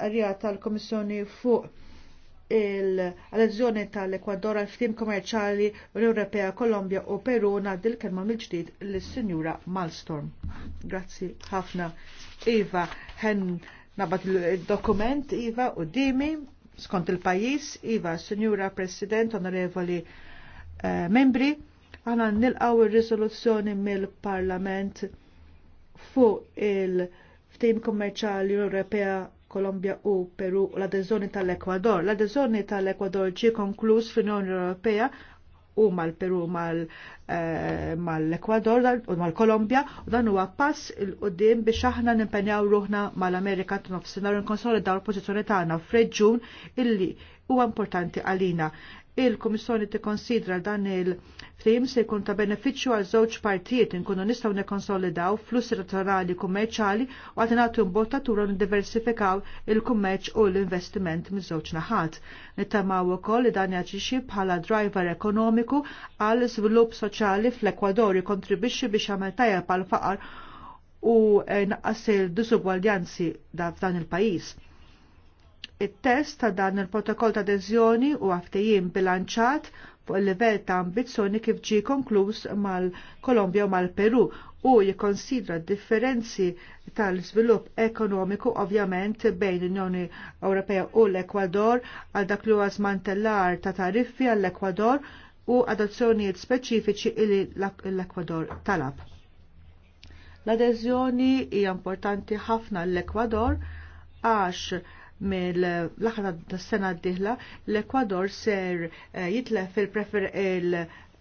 l tal-Komissjoni fuq il-elezzjoni tal-Ekwador għal ftim kommerċali l-Ewropea, Kolombja u Peru ngħaddi l-kelma mill-ġdid lis-Sinjura Malstorm. Grazzi ħafna. Iva, ħen nabat il-dokument, Iva, u dimi, skont il-pajis, Iva, Sinjura President, onorevoli eh, membri, għana għaw il-risoluzzjoni mill-Parlament fuq il-ftim kommerċali l-Ewropea Kolombja u Peru u l adezzjoni tal-Ekwador. l adezzjoni tal-Ekwador ġie konkluż fl-Unjoni Ewropea u mal-Peru eh, mal-Ekwador u mal-Kolombja u dan huwa pass il qudiem biex aħna nimpenjaw ruħna mal-Amerika t-nofsinar u nkonsolidaw l-pożizzjoni tagħna f'reġjun illi huwa importanti għalina il-Komissjoni tikkonsidra dan il frim se jkun ta' benefiċċju għal żewġ partijiet inkunu nistgħu nikkonsolidaw flussi elettorali kummerċali u għad nagħtu imbottatura niddiversifikaw il-kummerċ u l-investiment miż-żewġ naħat. Nittamaw ukoll li dan jaġixxi bħala driver ekonomiku għal żvilupp soċjali fl-Ekwador kontribwixxi biex jagħmel tajjeb għal faqar u eh, naqqas il-disugwaljanzi f'dan il-pajjiż it-test ta' dan il-protokoll ta' adeżjoni u għaftejjim bilanċat fuq il level ta' ambizzjoni kif ġie konkluż mal-Kolombja u mal-Peru u jikkonsidra differenzi tal-svilupp ekonomiku ovvjament bejn l-Unjoni Ewropea u l-Ekwador għal dak li huwa ta' tariffi għall-Ekwador u adozzjonijiet speċifiċi li l-Ekwador talab. L-adeżjoni hija importanti ħafna l-Ekwador għax mill-aħħar tas-sena d-dieħla l-Ekwador ser eh, jitlef il-prefer il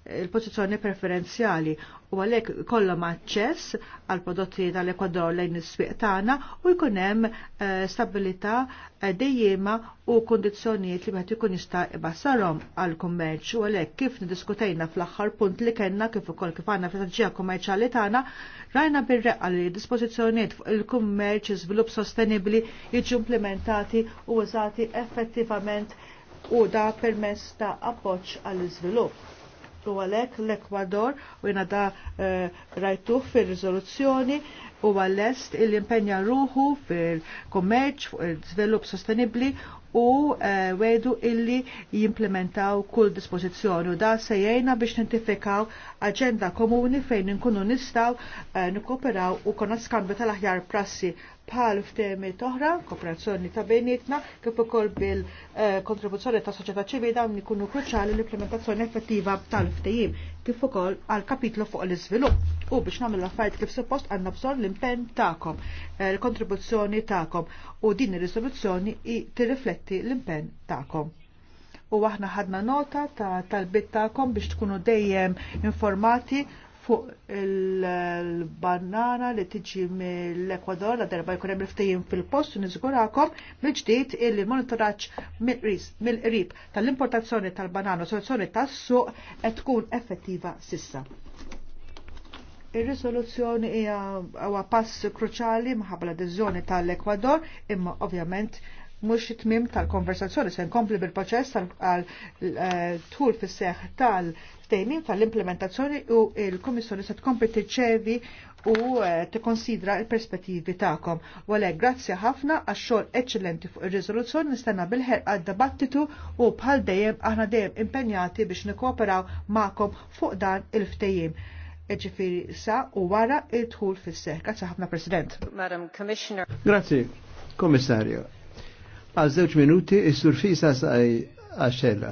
il-pozizjoni preferenzjali u għalhekk kollhom aċċess għal prodotti tal-Ekwador lejn is-swieq tagħna u jkun hemm eh, stabilità eh, dejjema u kondizzjonijiet li qed ikun jista' ibassarhom għal kummerċ u għalhekk kif nidiskutejna fl-aħħar punt li kellna kif ukoll kif għandna fl-istraġija kummerċjali tagħna rajna bir-reqqa li dispożizzjonijiet fuq il-kummerċ iżvilupp sostenibbli jiġu implementati u użati effettivament u da permess ta' appoġġ għall-iżvilupp u għalhekk l-Ekwador u jina da eh, rajtuh fir rizoluzzjoni u għal est il-impenja ruħu fil-kommerċ, fuq il sostenibli sostenibbli u uh, wedu illi jimplementaw kull dispożizzjoni u da sejjena biex nintifikaw aġenda komuni fejn nkunu nistaw uh, eh, nikoperaw u konna skambju tal-aħjar prassi bħal f'temi toħra, kooperazzjoni ta' bejnietna, kif ukoll bil-kontribuzzjoni ta' soċjetà ċivili dawn ikunu kruċjali l-implementazzjoni effettiva tal-ftehim, kif ukoll għal kapitlu fuq l-iżvilupp. U biex nagħmel l-affarijiet kif suppost għandna bżonn l-impenn tagħkom, eh, l-kontribuzzjoni tagħkom u din ir-riżoluzzjoni tirrifletti l-impenn tagħkom u aħna ħadna nota ta' tal-bit ta'kom biex tkunu dejjem informati fuq il-banana li tiġi mill-Ekwador la darba jkun hemm il-ftehim fil-post u niżgurakom mill-ġdid il monitoraġġ mill-qrib tal-importazzjoni tal-banana u soluzzjoni tas-suq qed tkun effettiva sissa. Ir-risoluzzjoni hija pass kruċali minħabba l-adeżjoni tal-Ekwador imma ovvjament mux tmim tal-konversazzjoni se nkompli bil-proċess tal-tul eh, fis seħ tal-tejmin tal-implementazzjoni u il-Komissjoni se tkompli tirċevi u eh, tikkonsidra il-perspettivi tagħkom. Walek grazzi ħafna għax-xogħol eċċellenti fuq ir-riżoluzzjoni nistenna bil-ħerqa dibattitu u bħal dejjem aħna dejjem impenjati biex nikkooperaw ma'kom fuq dan il-ftejjim Eġifiri sa u wara il-tħul fis-seħ. Grazzi ħafna President. Madam Commissioner. Grazzi, Komissarju Għal żewġ minuti is-surfisa għaxella.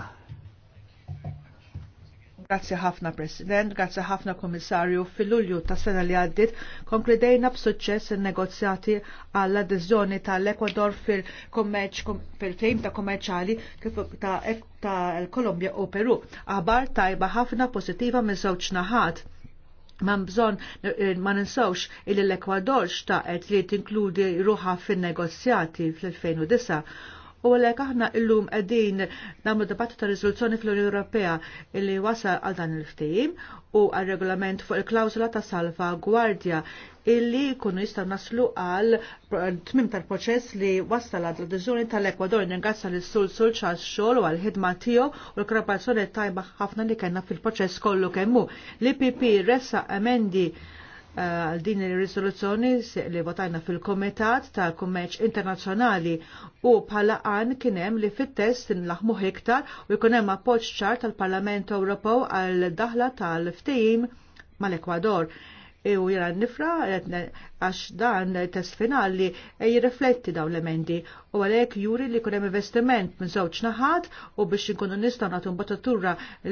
Grazzi ħafna President, grazzi ħafna Komissarju. Fil-Lulju ta' sena li għaddit konkludejna b'suċċess il-negozjati għall adeżjoni tal-Ekwador fil-kommerċ fil-fejm ta' kommerċali kif ta' ta' Kolombja u Peru. Aħbar tajba ħafna pozittiva minn żewġ naħat Man bżon eh, ma ninsawx il l-Ekwador xtaqet li tinkludi ruħa fin-negozjati fl-2009 u għalhekk aħna llum qegħdin nagħmlu debattu ta' riżoluzzjoni fl-Unjoni Ewropea illi wasal għal dan il-ftehim u għal regolament fuq il-klawsula ta' salva gwardja illi jkunu jistgħu naslu għal tmim tal-proċess li wasal għal deċiżjoni tal-Ekwador ningrazza l sul sul ċas xogħol u għal-ħidma tiegħu u l-krabazzjoni tajba ħafna li kellna fil-proċess kollu kemm hu. L-IPP ressa emendi għal din ir-riżoluzzjoni li votajna fil-Komitat tal-Kummerċ Internazzjonali u bħala għan kien hemm li fit-test nlaħmu iktar u jkun hemm appoġġ ċar tal-Parlament Ewropew għal daħla tal ftim mal-Ekwador. E u jara nifra għax dan test finali jirrifletti dawn l-emendi u għalhekk juri li kunem investiment minn żewġ naħat u biex inkunu nistgħu nagħtu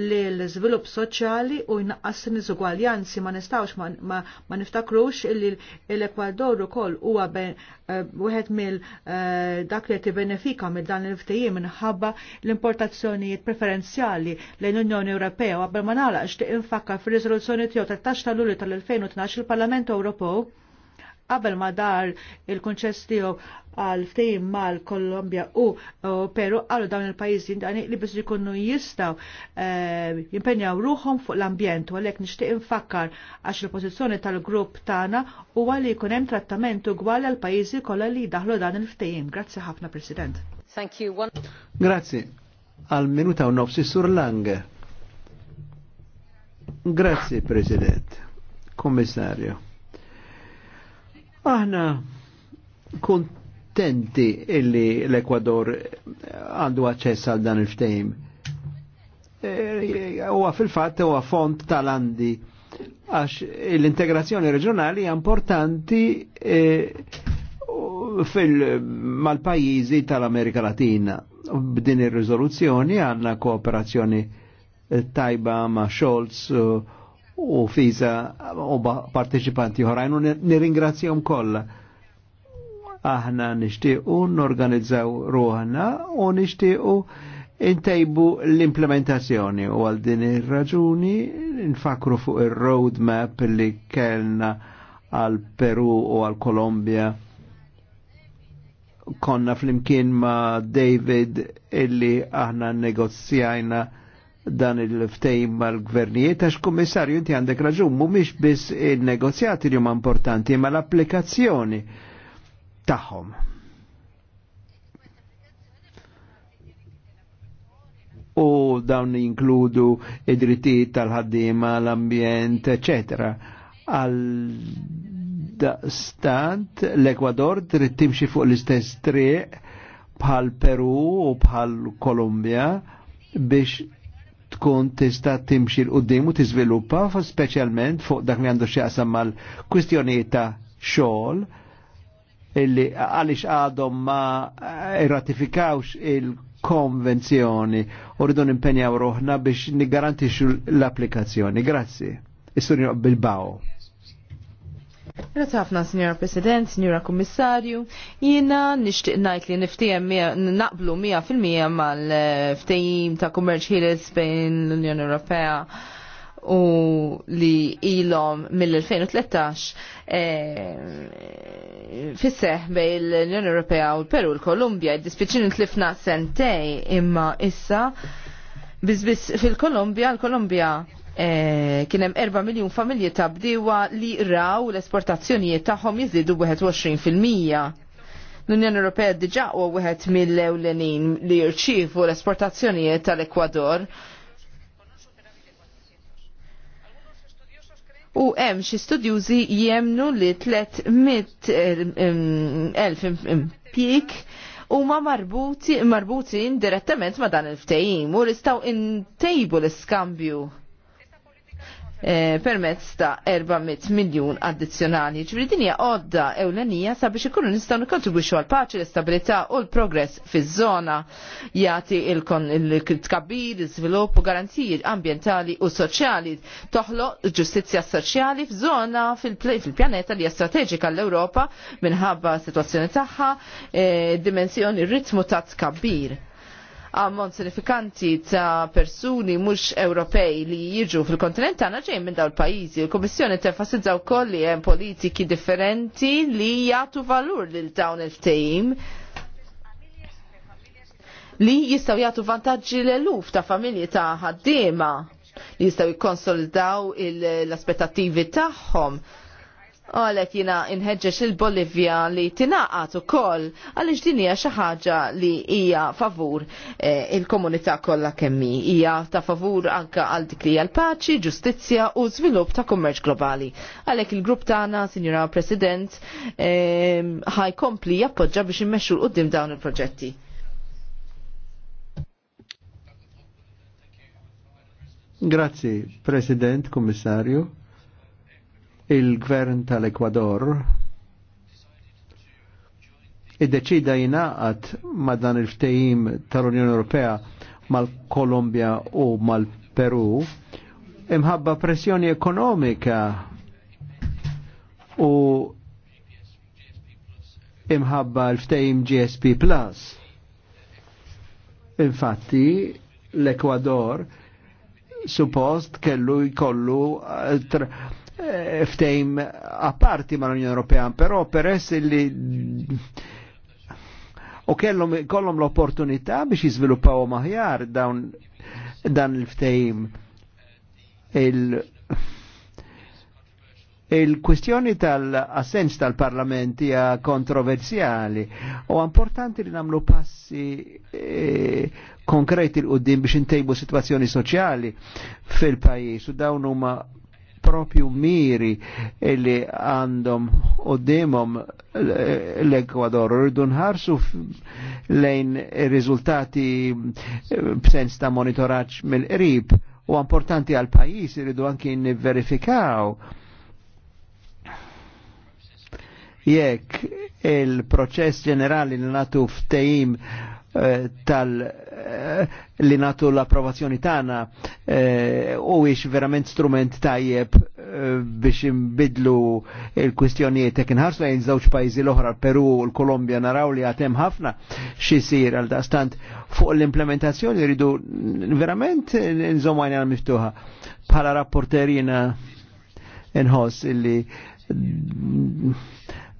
li l żvilupp soċjali u jnaqqas niżugwaljanzi ma nistgħux ma, ma, ma niftakrux li l-Ekwador ukoll huwa eh, wieħed uh, mill eh, dak li benefika mill dan l-ftehim minħabba l-importazzjonijiet preferenzjali lejn l-Unjoni Ewropea u qabel ma nagħlaq xtieq infakkar fir-riżoluzzjoni tiegħu tat ta' lulju tal-2012 il-Parlament Ewropew qabel ma dar il-kunċess għal ftehim mal-Kolombja u Peru għalu dawn il-pajjiżi indani li biss jkunu jistgħu eh, jimpenjaw ruhom fuq l-ambjent u għalhekk nixtieq infakkar għax il-pożizzjoni tal-grupp tagħna huwa li jkun hemm trattament għal pajjiżi kollha li daħlu dan il-ftehim. Grazzi ħafna President. Thank you. One... Grazzi. Għal minuta u nofsi sur lang. Grazzi President. Kommissarju. Aħna kontenti illi l-Ekwador għandu aċċess għal dan il-ftejm. E, huwa fil-fatt huwa font tal-Andi għax l-integrazzjoni reġjonali hija importanti e, fil mal-pajjiżi tal-Amerika Latina. B'din ir-riżoluzzjoni għandna kooperazzjoni tajba ma' Scholz u u fiza u partecipanti oħrajn u nirringrazzjahom kollha. Aħna nixtiequ norganizzaw ruħna u nixtiequ intejbu l-implementazzjoni u għal din ir-raġuni nfakru fuq il roadmap li kellna għal Peru u għal Kolombja konna flimkien ma David illi aħna negozzjajna dan il-ftejn mal-gvernijiet, għax kummissarju inti għandek raġun, mumiex biss il-negozjati li huma importanti, ma l-applikazzjoni tagħhom. U dawn jinkludu id-drittijiet tal-ħaddiema, l-ambjent, eccetera. Għal stant l-Ekwador trid timxi fuq l-istess triq bħal Peru u bħal Kolumbja biex tkun tista' timxi l qudiem u tiżviluppa speċjalment fuq dak li għandu x'jaqsam mal-kwistjonijiet ta' xogħol illi għaliex għadhom ma ratifikawx il-konvenzjoni u rridu nimpenjaw ruħna biex nigarantixxu l-applikazzjoni. Grazzi. Is-sur Bilbao. Grazie ħafna, Signora President, Signora Kommissarju. Jina nishtiq najt li niftijem naqblu 100% mal-ftejim ta' kummerċ ħiles bejn l-Unjoni Ewropea u li ilom mill-2013 eh, fisseħ bej l-Unjoni Ewropea u l-Peru l-Kolumbja id-dispiċin tlifna sentej imma issa bizbis fil-Kolumbja, l-Kolumbja E, eh, kienem 4 miljon familji ta' bdiwa li raw l-esportazzjonijiet tagħhom jiżdiedu 21%. L-Unjoni Ewropea diġà u wieħed mill-ewlenin li jirċievu l-esportazzjonijiet tal-Ekwador. U hemm xi studjużi jemnu li 300,000 u eh, huma marbuti marbuti direttament ma' dan il-ftehim u nistgħu intejbu l-iskambju Eh, permezz ta' 400 miljun addizzjonali. Ġifri dinja għodda ewlenija sabiex ikunu nistgħu nikkontribwixxu għal paċi, l-istabilità u l-progress fiż-żona jagħti il-tkabbir, iż-żvilupp u garanziji ambjentali u soċjali toħloq ġustizzja soċjali f'żona fil-pjaneta li hija strateġika l-Ewropa minħabba situazzjoni sitwazzjoni tagħha, eh, dimensjoni r ritmu ta' tkabbir ammont sinifikanti ta' persuni mhux Ewropej li jiġu fil-kontinent tagħna ġejjin minn dawn il-pajjiżi. Il-Kummissjoni tenfasizza wkoll li hemm politiki differenti li jagħtu valur lil dawn il-ftehim li jistaw jagħtu vantaġġi l-eluf ta' familji ta' ħaddiema li jistaw jikkonsolidaw l-aspettattivi tagħhom għalek jina inħedġeċ il-Bolivja li tinaqat u koll għalix dinija xaħġa li hija favur eh, il-komunità kollha kemmi hija ta' favur anka għal dik li paċi, ġustizzja u żvilupp ta' kummerċ globali. Għalek il-grupp tagħna, signora President, eh, ħajkompli eh, jappoġġa biex immexxu l qoddim dawn il-proġetti. Grazie, President, Kommissarju il-gvern tal-Ekwador id-deċida jinaqat ma dan il-ftejim tal-Unjoni Ewropea mal-Kolombja u mal-Peru imħabba pressjoni ekonomika u imħabba l-ftejim GSP Plus. Infatti, l-Ekwador suppost kellu jkollu eh, Eh, ftejm apparti ma l-Unjoni Ewropea, però peress li u kellhom kollhom l-opportunità biex jiżviluppaw maħjar dawn dan il-ftejm il- Il-kwestjoni kwestjoni tal assenz tal-parlament hija kontroversjali u importanti li namlu passi eh, konkreti l-qoddim biex intejbu situazzjoni soċjali fil-pajis u dawn huma propju miri li għandhom u demom l-Ekwador. Rridu nħarsu lejn rizultati eh, b'sens ta' monitoraċ mill-qrib u importanti għal pajis rridu anki n verifikaw jekk il-proċess ġenerali l natu ftejim Eh, tal eh, li natu l-approvazzjoni tagħna eh, u ix verament strument tajjeb biex imbidlu il-kwistjonijiet ekin ħarsu għajn żewġ pajjiżi l-oħra Peru u l-Kolombja naraw li għatem ħafna xisir għal stant fuq l-implementazzjoni rridu verament għajn għal miftuħa. Bħala rapporterina nħoss illi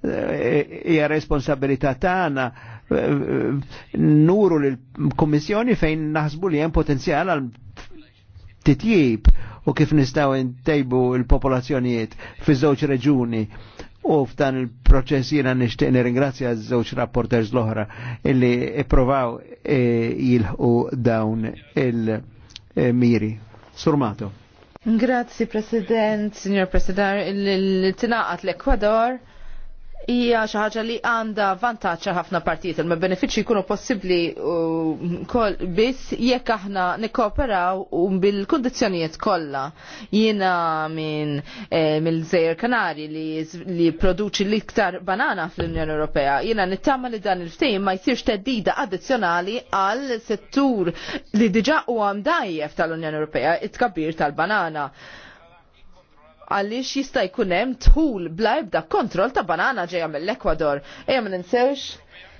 hija responsabilità tagħna nuru l-Komissjoni fejn naħsbu li hemm potenzjal għal titjib u kif nistaw ntejbu l-popolazzjonijiet fi żewġ reġuni u f'dan il-proċess jiena nixtieq nirringrazzja żewġ rapporters l-oħra illi ippruvaw e jilħu dawn il-miri. Surmato. Grazzi President, Signor President, il-tinaqat l-Ekwador hija xi ħaġa li għandha vantaġġ ħafna partijiet imma benefiċċji jkunu possibbli wkoll biss jekk aħna nikkooperaw bil-kundizzjonijiet kollha. Jiena minn eh, mill-Żejjer Kanari li, li produċi l-iktar banana fl-Unjoni Ewropea, jiena nittama li dan il-ftehim ma jsirx teddida addizzjonali għal settur li diġà huwa mdajjef tal-Unjoni Ewropea, it-tkabbir tal-banana għaliex jista' jkun hemm tħul bla ebda kontrol ta' banana ġejja mill-Ekwador. Ejja ma ninsewx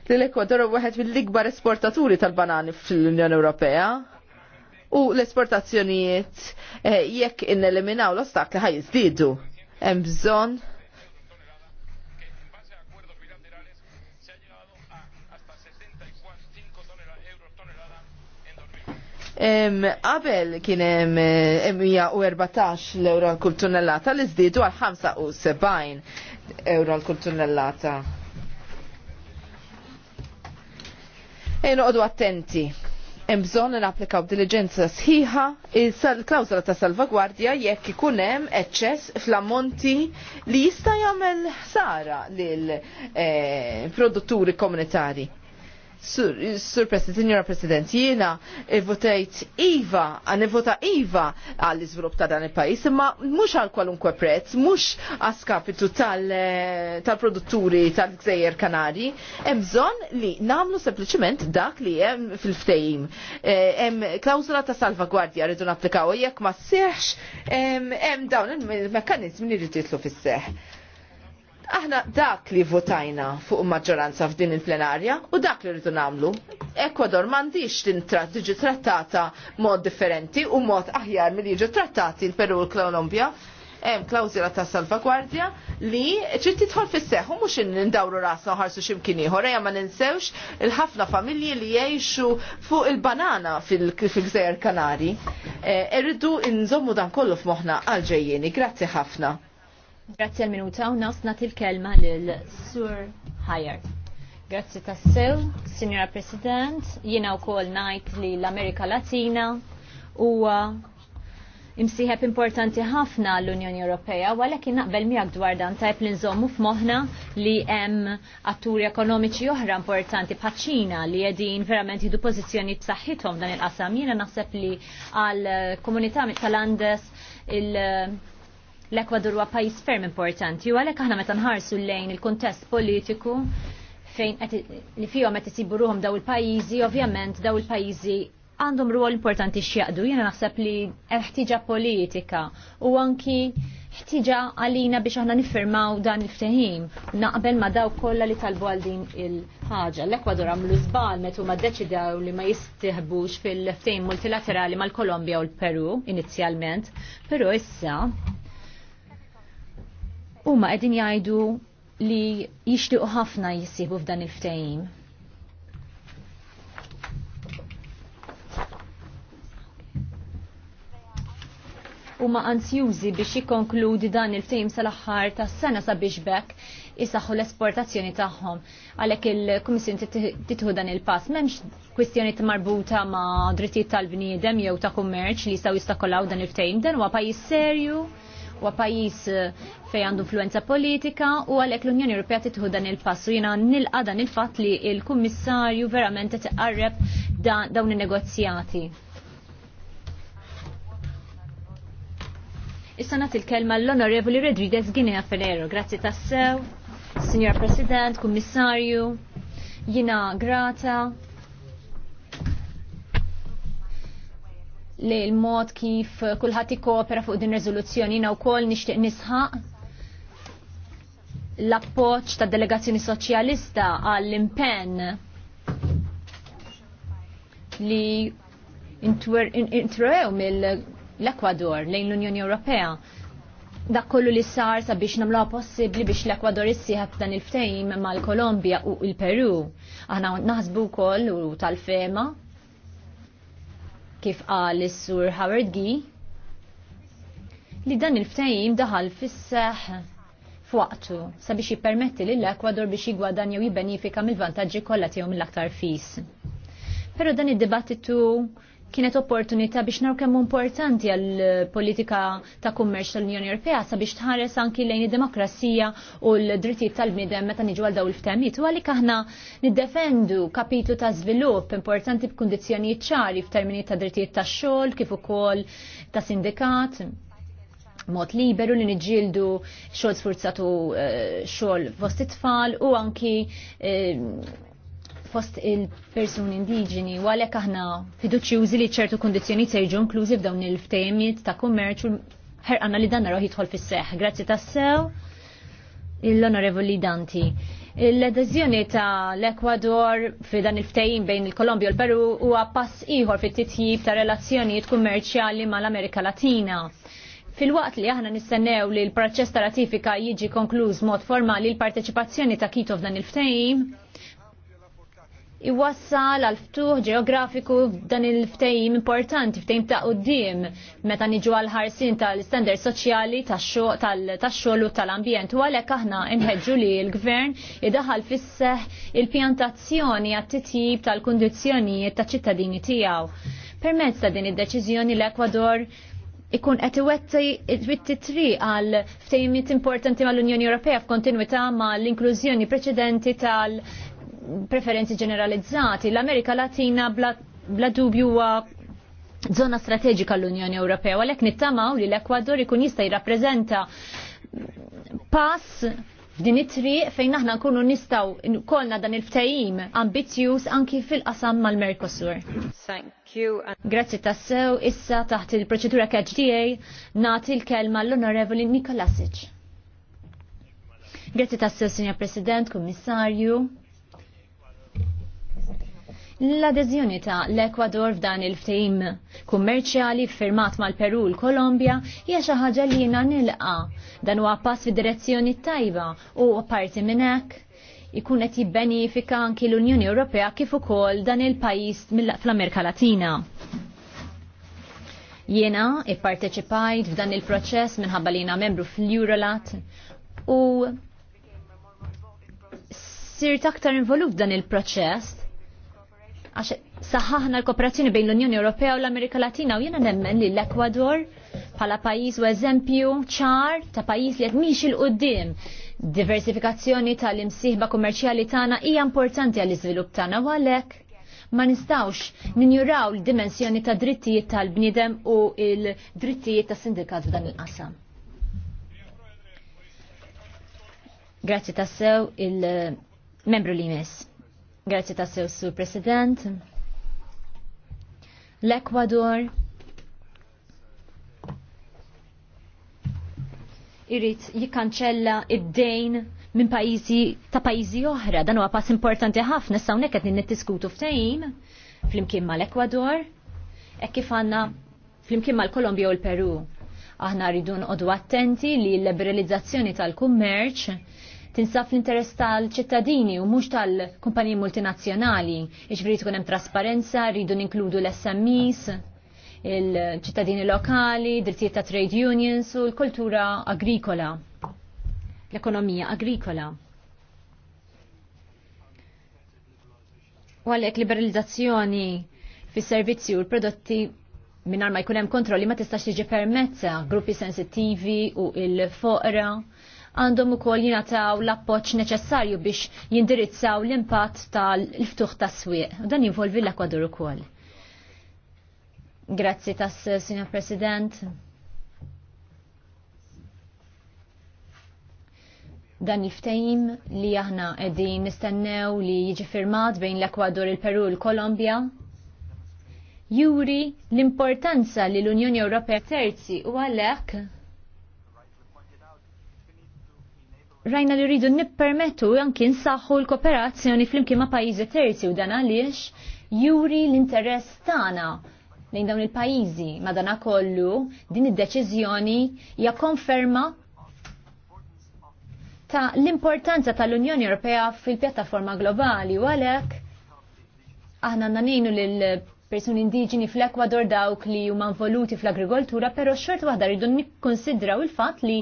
li l-Ekwador u wieħed mill-ikbar esportaturi tal-banani fl-Unjoni Ewropea u l-esportazzjonijiet eh, jekk inneliminaw l-ostakli ħaj jizdidu. Hemm bżonn Qabel kien hemm 114 l-euro l-kultunellata li żdiedu għal 75 euro l-kultunnellata. Ejn noqogħdu attenti. Hemm bżonn napplikaw diligenza sħiħa il-klawżola ta' salvagwardja jekk ikun hemm eċċess fl-ammonti li jista' jagħmel sara lil eh, produtturi komunitari. Sur, sur President, Signora President, jiena eh, votajt IVA, għan vota IVA għall iżvilupp ta' dan il-pajis, imma mhux għal kwalunkwe prezz, mhux għaskapitu eh, tal-produtturi tal produtturi tal gżejjer Kanari, hemm bżonn li nagħmlu sempliċement dak li hemm fil-ftehim. Eh, hemm klawzula ta' salvagwardja rridu naplikaw, jekk ma s-seħx, hemm dawn il-mekkaniżmi li rridu jitlu fis-seħħ. Aħna dak li votajna fuq maġġoranza f'din il-plenarja u dak li rridu nagħmlu. Ekwador m'għandix tiġi trattata mod differenti u mod aħjar milli jiġu trattati l-Peru u l-Kolombja. Hemm klawżila ta' salvagwardja li ċirt tidħol fis-seħħ u mhux indawru rasna ħarsu x'imkien ieħor ma ninsewx il-ħafna familji li jgħixu fuq il-banana fil-Gżejjer Kanari. Eh, irridu nżommu dan kollu f'moħħna għal ġejjieni. Grazzi ħafna. Grazzi għal minuta u nasna til-kelma lil-Sur Hayer. Grazzi tassew, Signora President, jiena u kol najt li l-Amerika Latina u imsiħeb importanti ħafna l-Unjoni Ewropea, għalek naqbel miegħek dwar dan tajb li nżommu f'moħħna li hemm atturi ekonomiċi oħra importanti pa'Ċina li qegħdin verament jidu pożizzjoni b'saħħithom dan il-qasam. Jiena naħseb li għal komunità tal-Andes il- l-Ekwador huwa pajjiż ferm importanti u għalhekk aħna meta nħarsu lejn il-kuntest politiku fejn li fihom qed isibu ruhom daw il-pajjiżi, ovvjament daw il-pajjiżi għandhom ruol importanti x'jaqdu. Jiena naħseb li ħtiġa politika u anki ħtiġa għalina biex aħna niffirmaw dan il-ftehim naqbel ma daw kollha li talbu għal din il-ħaġa. L-Ekwador għamlu żbal metu ma ddeċidaw li ma jistihbux fil-ftehim multilaterali mal-Kolombja u l-Peru inizjalment, però issa huma qegħdin jgħidu li jixtiequ ħafna jissibu f'dan il-ftehim. Uma ansjużi biex jikkonkludi dan il ftajim sal-aħħar tas-sena sabiex bekk jisaxħu l-esportazzjoni tagħhom. Għalhekk il-Kummissjoni titħu dan il-pass m'hemmx kwistjoni marbuta ma' drittijiet tal-bniedem jew ta' kummerċ li jistgħu jistakollaw dan il ftajim dan huwa pajjiż serju u pajjiż eh, fej għandu influenza politika u għalek l-Unjoni Ewropea titħu dan il-passu jina nilqa dan il-fat li il-Kummissarju verament tqarreb dawn il-negozjati. Issa nagħti il-kelma l-Onorevoli Rodriguez Guinea Ferrero. Grazzi tassew, Signor President, Kummissarju, jina grata li l-mod kif kulħadd ikopera fuq din riżoluzzjoni na wkoll nixtieq nisħaq l-appoġġ tad delegazzjoni soċjalista għall-impenn li intwerew mill-Ekwador lejn l-Unjoni Ewropea. Dak kollu li sar sabiex nagħmluha possibbli biex l-Ekwador issieħab dan il-ftehim mal-Kolombja u l-Peru. Aħna naħsbu wkoll u tal-fema kif qal is-sur Howard Gee li dan il-ftehim daħal fis-seħ f'waqtu sabiex jippermetti lil ekwador biex jigwadanjaw jibbenifika mill-vantaġġi kollha tiegħu mill-aktar fis. Però dan id-dibattitu kienet opportunità biex naraw kemm importanti għall politika ta' kummerċ tal-Unjoni Ewropea sabiex tħares anki lejn id-demokrazija u l-drittijiet tal-bniedem meta niġu għal dawn il-ftehmiet u għalik aħna niddefendu kapitlu ta' żvilupp importanti b'kundizzjonijiet ċari f'termini ta' drittijiet tax-xogħol kif ukoll ta' sindikat mod liberu li nġildu xogħol sfurzatu eh, xogħol fost it-tfal u anki eh, fost il-persuni indiġeni u għalhekk aħna fiduċjużi li ċertu kondizjoni se jiġu inklużi f'dawn il-ftehimiet ta' kummerċu u li dan raħ jidħol fis-seħ. Grazzi tassew l-Onorevoli Danti. L-adeżjoni ta' l-Ekwador fi dan il-ftejim bejn il-Kolombja u l-Peru huwa pass ieħor fit-titjib ta' relazzjonijiet kummerċjali mal-Amerika Latina. Fil-waqt li aħna nistennew li l-proċess ta' ratifika jiġi konkluż mod formali l-parteċipazzjoni ta' Kito f'dan il-ftejim, iwassal għal ftuħ ġeografiku dan il-ftejim importanti, ftejim ta' uddim, meta niġu għal ħarsin tal-standard soċjali tax-xogħol u tal-ambjent. U għalhekk aħna nħeġġu li l-gvern idaħal fisseħ il-pjantazzjoni għat-titjib tal-kundizzjonijiet ta' ċittadini tiegħu. Permezz ta' din id-deċiżjoni l-Ekwador ikun qed iwetti tri għal ftejmiet importanti mal-Unjoni Ewropea f'kontinwità mal inklużjoni preċedenti tal- preferenzi ġeneralizzati. L-Amerika Latina bla, bla dubju huwa zona strateġika l-Unjoni Ewropea, għalhekk nittamaw li l-Ekwador ikun jista' jirrappreżenta pass f'din it-triq fejn aħna nkunu nistgħu kollna dan il-ftajim ambizzjuż anki fil-qasam mal-Mercosur. Thank you. Grazzi tassew, issa taħt il-proċedura KHDA nagħti l-kelma l-Onorevoli Nikolasic. Grazzi tassew, Signor President, Kummissarju l-adeżjoni ta' l-Ekwador f'dan il-ftehim kummerċjali firmat mal-Peru l-Kolombja hija xi ħaġa li jiena nilqa. Dan huwa pass fid-direzzjoni tajba u parti minn hekk ikun qed jibbenifika anki l-Unjoni Ewropea kif ukoll dan il-pajjiż fl-Amerika Latina. Jiena ipparteċipajt f'dan il-proċess minħabba li jiena membru fl-Eurolat u sirt aktar involut f'dan il-proċess għax saħħaħna l-kooperazzjoni bejn l-Unjoni Ewropea u l-Amerika Latina u jena nemmen li l-Ekwador bħala pajjiż u eżempju ċar ta' pajjiż li għedmix miex il-qudiem. Diversifikazzjoni tal-imsieħba kummerċjali tagħna hija importanti għall-iżvilupp tagħna u għalhekk ma nistawx ninjuraw l-dimensjoni ta' drittijiet tal-bnidem u l-drittijiet ta' sindikat dan il-qasam. Grazzi tassew il-membru li jmiss. Grazie ta' sew su President. L-Ekwador irrit jikkanċella id-dejn minn pajjiżi ta' pajjiżi oħra. Dan huwa pass importanti ħafna sa hawnhekk qed nittiskutu ftehim flimkien mal-Ekwador e kif għandna flimkien mal-Kolombja u l-Peru. Aħna rridu nqodu attenti li l-liberalizzazzjoni tal-kummerċ tinsab fl-interess tal-ċittadini u mhux tal-kumpaniji multinazzjonali. Iġbri tkun hemm trasparenza, rridu ninkludu l-SMEs, il-ċittadini lokali, drittijiet ta' trade unions u l-kultura agrikola, l-ekonomija agrikola. u għalek liberalizzazzjoni fis servizzi u l-prodotti minnar ma jkunem kontrolli ma tistax tiġi permezza gruppi sensittivi u il-foqra għandhom ukoll jingħataw l-appoġġ neċessarju biex jindirizzaw l-impatt tal-ftuħ tas-swieq. Dan jinvolvi l-Ekwador ukoll. Grazzi tas, Signor President. dan il-ftejim li aħna qegħdin nistennew li jiġi firmat bejn l-Ekwador, il-Peru, il-Kolombja. Juri l-importanza li l-Unjoni Ewropea terzi u għalek rajna li rridu nippermettu anki nsaħħu l-kooperazzjoni flimkien ma' pajjiżi terzi u dan għaliex juri l-interess tagħna lejn dawn il-pajjiżi Madanakollu din id-deċiżjoni hija konferma ta' l-importanza tal-Unjoni Ewropea fil-pjattaforma globali u għalhekk aħna ngħinu lil persuni indiġeni fl-Ekwador dawk li huma involuti fl-agrikoltura, però xort waħda rridu nikkonsidraw il-fatt li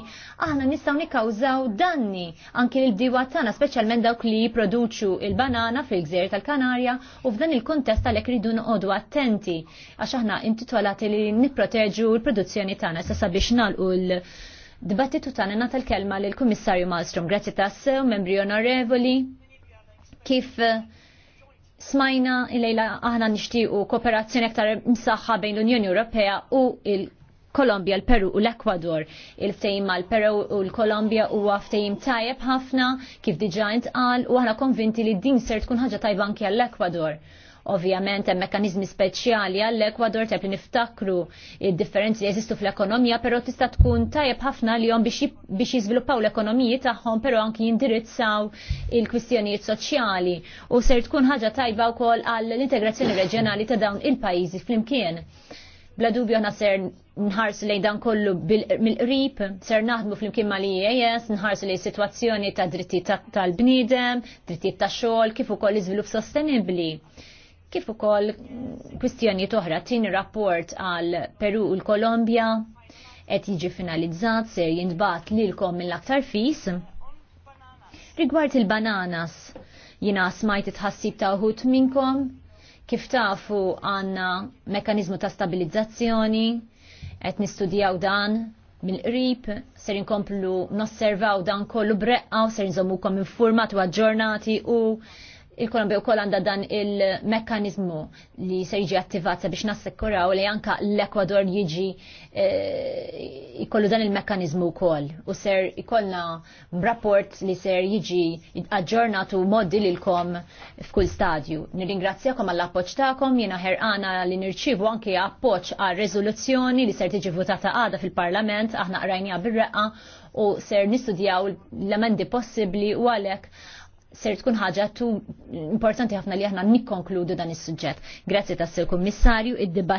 aħna nistgħu nikkawżaw danni anke lil bdiewa tagħna, speċjalment dawk li jipproduċu il-banana fil-gżejjer tal-Kanarja u f'dan il-kontest għalhekk rridu noqogħdu attenti għax aħna intitolati li nipproteġu l-produzzjoni tagħna sa sabiex nagħlqu l Dibattitu tagħna nagħta l-kelma lill-Kummissarju Malmström. Grazzi tassew, membri onorevoli. Kif smajna il-lejla aħna nixtiequ kooperazzjoni aktar msaħħa bejn l-Unjoni Ewropea u il- Kolombia, l-Peru u l-Ekwador. Il-ftejim mal peru u l-Kolombia huwa ftejim tajjeb ħafna kif diġajnt intqal u aħna konvinti li din ser tkun ħaġa tajba anke l-Ekwador. Ovvjament hemm mekkaniżmi speċjali għall-Ekwador tep li niftakru id-differenzi jeżistu fl-ekonomija, però tista' tkun tajjeb ħafna li biex jiżviluppaw l-ekonomiji tagħhom però anki jindirizzaw il-kwistjonijiet soċjali u ser tkun ħaġa tajba wkoll għall-integrazzjoni reġjonali ta' dawn il-pajjiżi flimkien bla dubju ħna ser nħarsu lej dan kollu mill-qrib, ser naħdmu fl-imkien ma l-IAS, nħarsu lej situazzjoni ta' dritti tal-bnidem, dritti ta' xogħol, kif ukoll iżvilupp sostenibbli kif ukoll kwistjoni toħra tin rapport għal Peru u l-Kolombja qed jiġi finalizzat ser jintbat lilkom mill-aktar fis. Rigward il-bananas, jina smajt itħassib ta' uħut minkom, kif tafu għanna mekanizmu ta' stabilizzazzjoni, qed nistudjaw dan mill-qrib, ser inkomplu nosservaw dan kollu breqqa ser nżommukom informat u aġġornati u il-Kolombia u għandha dan il-mekkanizmu li se jiġi attivat biex nassikuraw li anka l-Ekwador jiġi eh, ikollu dan il-mekkanizmu wkoll u ser ikollna rapport li ser jiġi moddi li l lilkom f'kull stadju. Nirringrazzjakom għall appoġġ tagħkom, jiena ħerqana li nirċivu anke appoġġ għal riżoluzzjoni li ser tiġi votata għada fil-Parlament, aħna qrajnija bir-reqqa u ser nistudjaw l-emendi possibbli u għalhekk ser tkun ħaġa tu importanti ħafna li aħna nikkonkludu dan is-suġġett. Grazzi tas-Kummissarju id dibatt